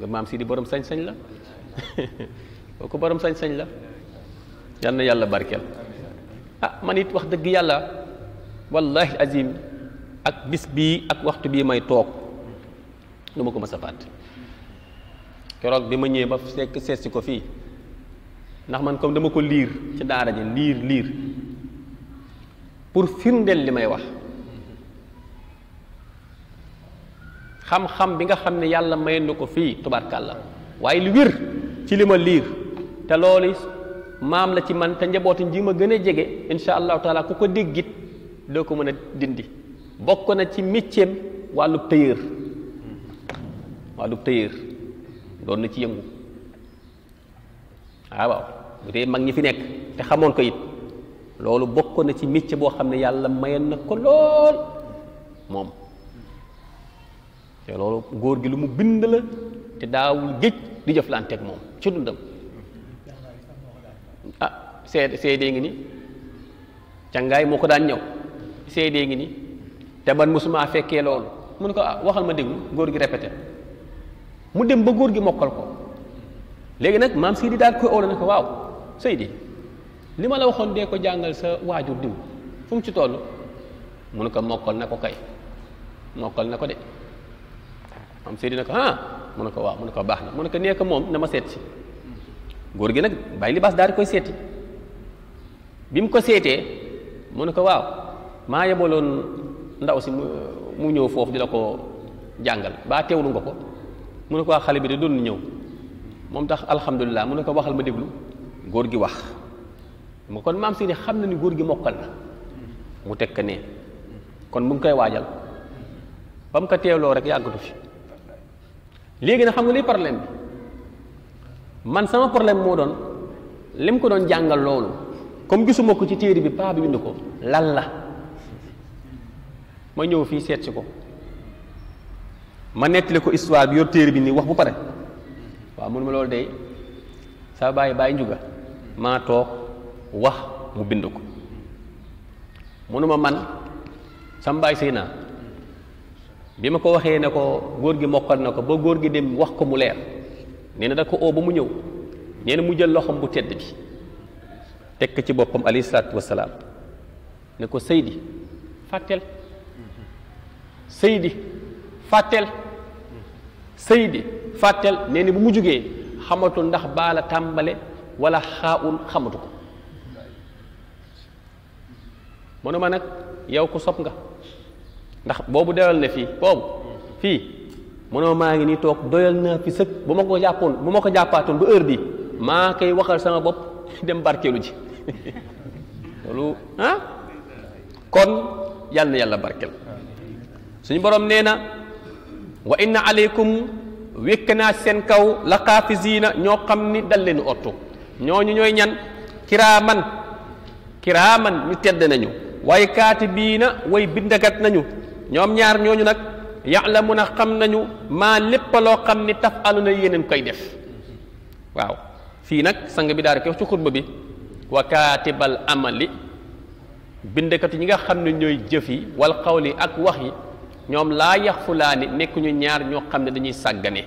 nga maam si di borom sañ-sañ la ko borom sañ-sañ la yal yàlla barkeel ah man it wax dëgg yàlla wallahi azim ak bis bii ak waxtu bii may toog lu ma ko mës a keroog bi ma ñëwee ba fekk seet si ko fii ndax man comme dama ko liir ci daara ji liir liir pour firndeel li may wax xam-xam bi nga xam ne yàlla may na ko fii tubarkàlla waaye lu wér ci li ma liir te loolu maam la ci man te njabootu ji ma gën a jege incha allah taala ku ko déggit doo ko mën a dindi bokk na ci métier wàllu tailleur wàllu tailleur doon na ci yëngu ah, waaw waaw mag ñi fi nekk te xamoon ko it loolu bokk na ci métier boo xam ne yàlla mayen na ko lool moom te loolu góor gi lu mu bind la te daawul géej di jëflanteeg moom ci dundam ah seede seede ngi ni càngaay moo ko daan ñëw seede ngi ni te man mosuma fekkee loolu mu ne ko ah waxal ma déglu góor gi répété mu dem ba góor gi mokkal ko léegi nag maam Seydi daal koy óolu ne ko waaw Seydi li ma la waxoon dee ko jàngal sa waajur diw fu ci toll mu ne ko mokkal na ko kay mokkal na ko de am seydi ne ko ah mu ne ko waaw mu ne ko baax na mu ne ko nee ko moom na ma seet si góor gi nag bàyyi libaas daal di koy seeti bi mu ko seetee mu ne ko waaw maa yeboloon ndaw si mu ñëw foofu di ko jàngal baa teewlu nga ko mu ne ko xale bi de doon ñëw moom tax alhamdulilah mu ne ko waxal ma déglu góor gi wax mu kon maam si xam na ni góor gi mokkal na mu teg ko ne kon mu ngi koy waajal ba mu ko teewloo rek yàggatu fi léegi nag xam nga luy problème bi man sama problème moo doon li mu ko doon jàngal loolu comme gisuma ko ci téere bi paa bi bind ko lan la ma ñëw fii seet si ko ma nettali ko histoire bi yor téere bi nii wax bu pare waaw mun ma loolu de sa bàyyi bàyyi njuga maa toog wax mu bind ko mënuma man sama bàyyi sëy naa bi ma ko waxee ne ko góor gi mokkal na ko ba góor gi dem wax ko mu leer nee na da ko oo ba mu ñëw nee na mu jël loxoom bu tedd bi ko ci boppam alayhi salaatu wasalaam ne ko sëydi fàtteel sëydi fàtteel sëydi fàtteel nee na bu mu jógee xamatul ndax baala tàmbale wala xaawul xamatu ko mënu ma nag yow ko sob nga ndax boobu doyal na fii boobu fii mënoo maa ngi nii toog doyal naa fi sëg bu ma ko jàppoon bu ma ko jàppaatoon ba heure bi maa koy waxal sama bopp dem barkeelu ji ah? kon yal na yàlla barkel suñ borom nee na wa inna aleykum wékk naa seen kaw la na ñoo xam ni dal leen ottu ñooñu ñooy ñan kiraaman kiraaman ñu tedd nañu waaye kaatibiina way bindakat nañu ñoom ñaar ñooñu nag ya'lamuna xam nañu maa lépp loo xam ni taf'aluna yeneen koy def waaw fii nag sang bi daal di ci xutba bi wa kaatibal amali bindkat ñi nga xam ne ñooy jëf yi wal xawli ak wax yi ñoom laa yaxfulaani nekk nekkuñu ñaar ñoo xam ne dañuy sàggane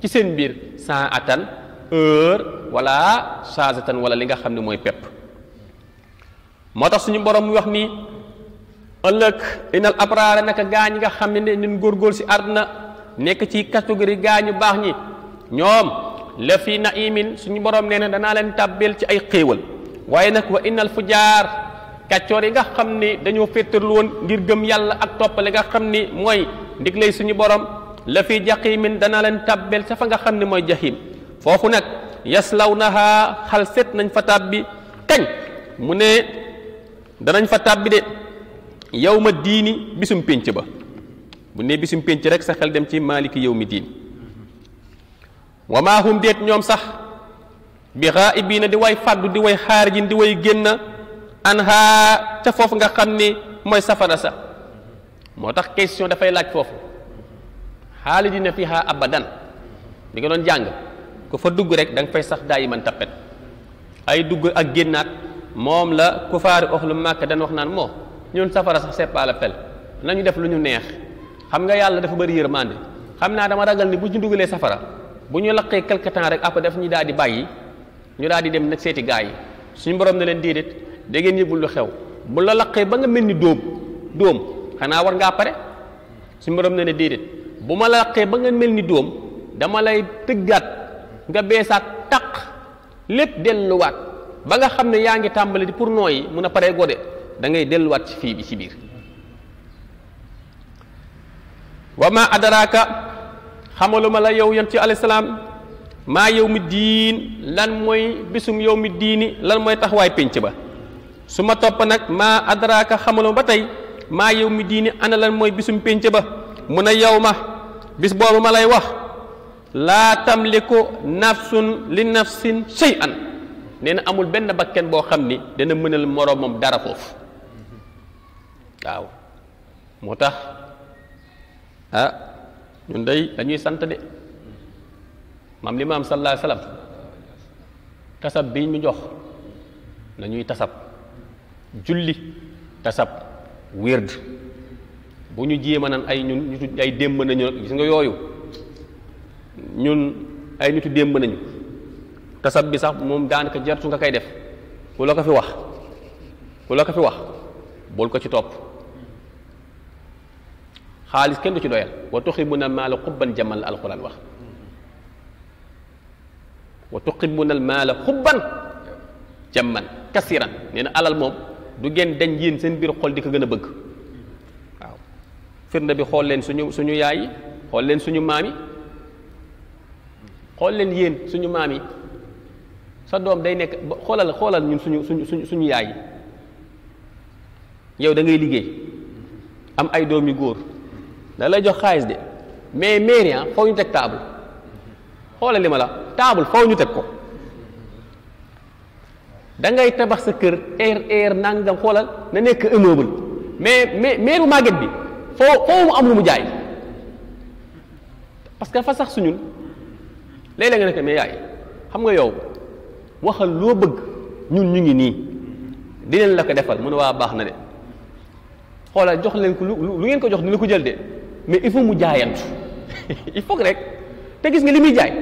ci seen biir saa atan heure wala saasatan wala li nga xam ne mooy pepp moo tax suñu borom wax nii ëllëg inal abraara naka gaañ nga xam ne nin góorgóor si àdduna nekk ci catégorie gaañu baax ñi ñoom la fi naimin suñu borom nee na danaa leen tàbbeel ci ay xéewal waaye nag wa innal jaar kàccoor yi nga xam ni dañoo féttarlu woon ngir gëm yàlla ak toppale nga xam ni mooy ndiglay suñu borom la fi jaximin danaa leen tàbbeel sa fa nga xam ne mooy jaxim foofu nag yaslaw naha xal set nañ fa tàbbi kañ mu ne danañ fa tàbbi de yow ma diini bisum pénc ba bu ne bisum pénc rek sa xel dem ci maaliki yow mi diin wa maa deet ñoom sax bi na di way fàddu di way xaarijin di way génn anhaa ca foofu nga xam ni mooy safara sa moo tax question dafay laaj foofu xaalidina fiha abadan li nga doon jàng ku fa dugg rek danga nga fay sax daay man tappet ay dugg ak génnaat moom la kufaari oxlu màkk dañ wax naan moo ñun safara sax c'est pas la peine nañu def lu ñu neex xam nga yàlla dafa bëri yërmande xam naa dama ragal ni bu ñu dugalee safara bu ñu laqee quelque temps rek après daf ñu daal di bàyyi ñu daal di dem nag seeti gaa yi suñu borom ne leen déedéet da ngeen yëgul lu xew bu la laqee ba nga mel ni doom dóom xanaa war ngaa pare suñu borom ne ne déedéet bu ma laqee ba nga mel ni dóom dama lay tëggaat nga beesaat taq lépp delluwaat ba nga xam ne yaa ngi tàmbali di pour nooyi mun a paree gode dangay ngay delluwaat ci fii bi ci biir wa ma adraka xamaluma la yow yan ci alayhi salaam maa yow mi diin lan mooy bisum yow mi diini lan mooy taxawaay pénc ba su ma topp nag maa adraka xamaluma ba tey maa yow mi diini ana lan mooy bisum pénc ba mun a yow ma bis boobu ma lay wax laa tamliku nafsun li nafsin shay'an nee na amul benn bakken boo xam ni dana mënal moroomam dara foofu waaw moo tax ah ñun day dañuy sant de mam li maam sallallahu alayhi wasallam tasab bi ñu jox nañuy tasab julli tasab wird bu ñu jéema nan ay ñun ñu ay démb nañu gis nga yooyu ñun ay nitu démb nañu tasab bi sax moom daanaka jartu nga koy def ku la ko fi wax ku la ko fi wax bool ko ci topp xaalis kenn du ci doyal wa tuxibuna maala xubban jamal la alquran wax wa tuxibuna maala xubban jaman kasiran nee na alal moom du ngeen dañ yéen seen biir xool di ko gën a bëgg waaw firnde bi xool leen suñu suñu yaay yi xool leen suñu maam yi xool leen yéen suñu maam yi sa doom day nekk xoolal xoolal ñun suñu suñu suñu suñu yaay yi yow dangay liggéey am ay doom yu góor da lay jox xaalis de mais mairie ah faw ñu teg table xoolal li ma la table faw ñu teg ko dangay tabax sa kër air air nangam xoolal na nekk immeuble mais mais mairie bu màgget bi foo foo mu am lu mu jaay parce que fa sax suñun léeg-léeg nga nekk mais yaay xam nga yow waxal loo bëgg ñun ñu ngi nii dinañ la ko defal mu ne waa baax na de xoolal jox leen ko lu lu ngeen ko jox dina ko jël de. mais il faut mu jaayantu il faut rek te gis nga li muy jaay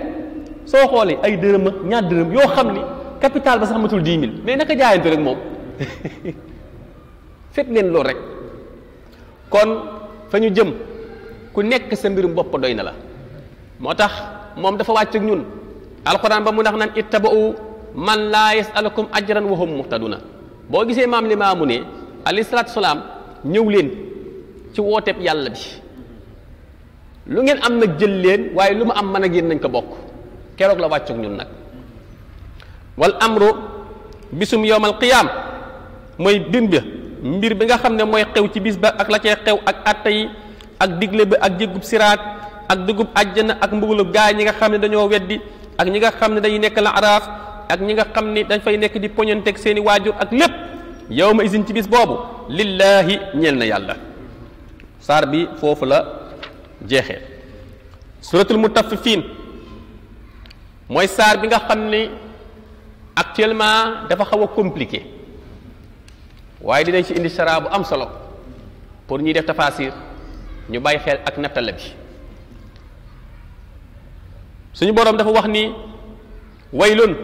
soo xoolee ay dërëm ñaar dërëm yoo xam ni capital ba sax matul dix mille mais naka jaayantu rek moom seet leen loolu rek kon fa ñu jëm ku nekk sa mbirum bopp doy na la moo tax moom dafa wàcc ak ñun alxuraan ba mu ndax naan ittaba'u man laa yasalukum ajran mu hum na boo gisee maam li maamu ne alayhi salaatu salaam ñëw leen ci wooteeb yàlla bi lu ngeen am nag jël leen waaye lu mu am man a génn nañ ko bokk keroog la wàccoog ñun nag wal amru bisum yowmal qiyaam mooy bin bi mbir bi nga xam ne mooy xew ci bis ba ak la cee xew ak atta yi ak digle bi ak jéggub siraat ak dugub àjjana ak mbugulu gaay ñi nga xam ne dañoo weddi ak ñi nga xam ne dañuy nekk la araaf ak ñi nga xam ni dañ fay nekk di poñanteeg seeni waajur ak lépp yow ma isin ci bis boobu lillaahi ñeel na yàlla saar bi foofu la jeexee suratul mutaffifiin mooy saar bi nga xam ni actuellement dafa xaw a compliqué waaye dinañ ci indi sara bu am solo pour ñuy def tafasir ñu bàyyi xel ak nattala bi suñu boroom dafa wax ni waylun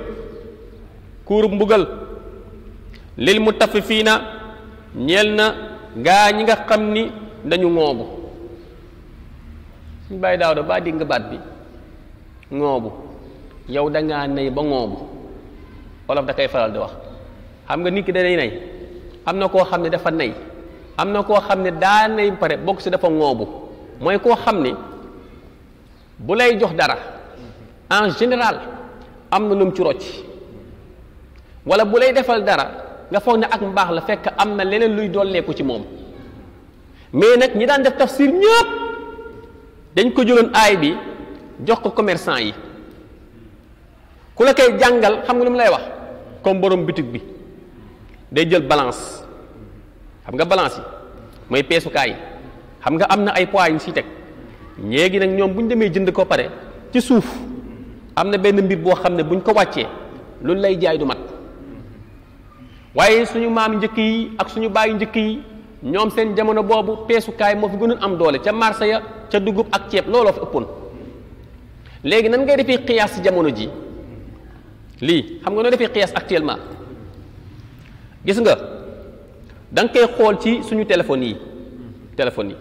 kuurub mbugal lil mutaffifiina ñeel na ngaa ñi nga xam ni dañu ŋoobu suñ bàyyi daaw da baa dégg nga baat bi ŋoobu yow dangaa nay ba ŋoobu olof da koy faral di wax xam nga nit ki danay nay am na koo xam ne dafa nay am na koo xam ne daa nay pare bokk si dafa ŋoobu mooy koo xam ne bu lay jox dara en général am na lu mu ci rocc wala bu lay defal dara nga foog ne ak mbaax la fekk am na leneen luy dolleeku ci moom mais nag ñi daan def tafsir ñëpp dañ ko jëloon aay bi jox ko commerçant yi ku la koy jàngal xam nga lu mu lay wax comme borom bitig bi day jël balance xam nga balance yi mooy peesukaay yi xam nga am na ay poids yu ñu teg ñéegi nag ñoom bu ñu demee jënd ko pare ci suuf am na benn mbir boo xam ne bu ñu ko wàccee loolu lay jaay du mat waaye suñu maam njëkk yi ak suñu bàyyi njëkk yi. ñoom seen jamono boobu peesukaay moo fi gënoon am doole ca marché ya ca dugub ak ceeb looloo fi ëppoon léegi nan ngay defee xiyaas si jamono ji lii xam nga noo defee xiyaas actuellement gis nga danga koy xool ci suñu téléphones yi téléphones yi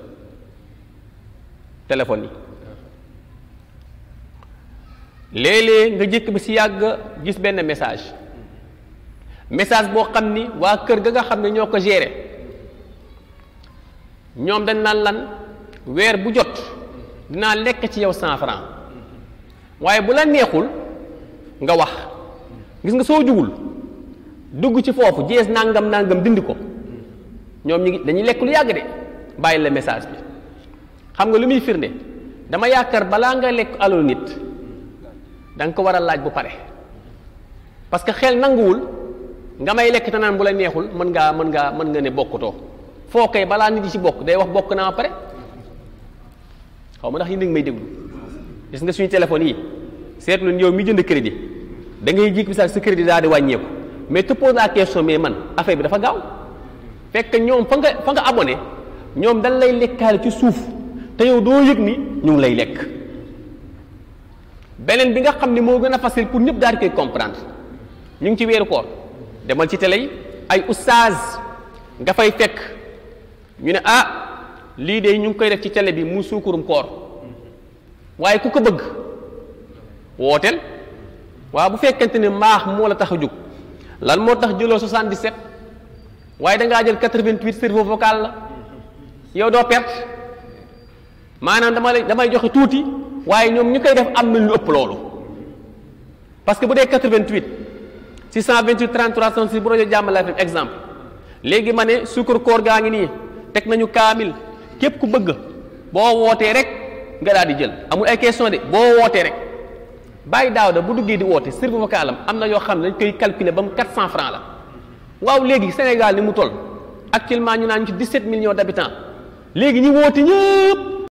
téléphones yi léeg nga jëkk bi si yàgg gis benn message message boo xam ni waa kër ga nga xam ne ñoo ko géré ñoom dañ naan lan weer bu jot dinaa lekk ci yow cent franc waaye bu la neexul nga wax gis nga soo jugul dugg ci foofu jees nangam nangam dindi ko ñoom ñu ngi dañuy lekk lu yàgg de bàyyi la message bi xam nga lu muy firnde dama yaakaar balaa nga lekk alalu nit danga ko war a laaj bu pare parce que xel nanguwul nga may lekk te naan bu la neexul mën ngaa mën ngaa mën nga ne bokkutoo foo kay balaa nit yi ci bokk day wax bokk naa pare xaw ma ndax yi ngi may déglu gis nga suñu téléphone yi seetlu yow mi jënd crédit da ngay jik bisaag sa crédit daal wàññeeku mais te pose la question mais man affaire bi dafa gaaw fekk ñoom fa nga fa nga abone ñoom dañ lay lekkaale ci suuf te yow doo yëg ni ñu lay lekk beneen bi nga xam ne moo gën a facile pour ñëpp daal di koy comprendre ñu ngi ci weeru koor demal ci télé yi ay oustaz nga fay fekk ñu ne ah lii de ñu ngi koy def ci télé bi mu suukurum koor waaye ku ko bëgg wooteel waaw bu fekkente ne maax moo la tax a jóg lan moo tax jëloo 77 waaye da ngaa jël 88 cerveau vocal la yow doo perte maanaam dama lay damay joxe tuuti waaye ñoom ñu koy def am na lu ëpp loolu parce que bu dee 88 628 33 36 bu rajo Jammala FM exemple léegi ma ne suukar koor gaa ngi nii. teg nañu kaamil képp ku bëgg boo wootee rek nga daal di jël amul ay question de boo wootee rek bàyyi daaw da bu duggee di woote serveur vocal am am na yoo xam ne dañ koy calculer ba mu 400 francs la waaw léegi Sénégal ni mu toll actuellement ñu naan ci 17 millions d' habitants léegi ñi woote ñëpp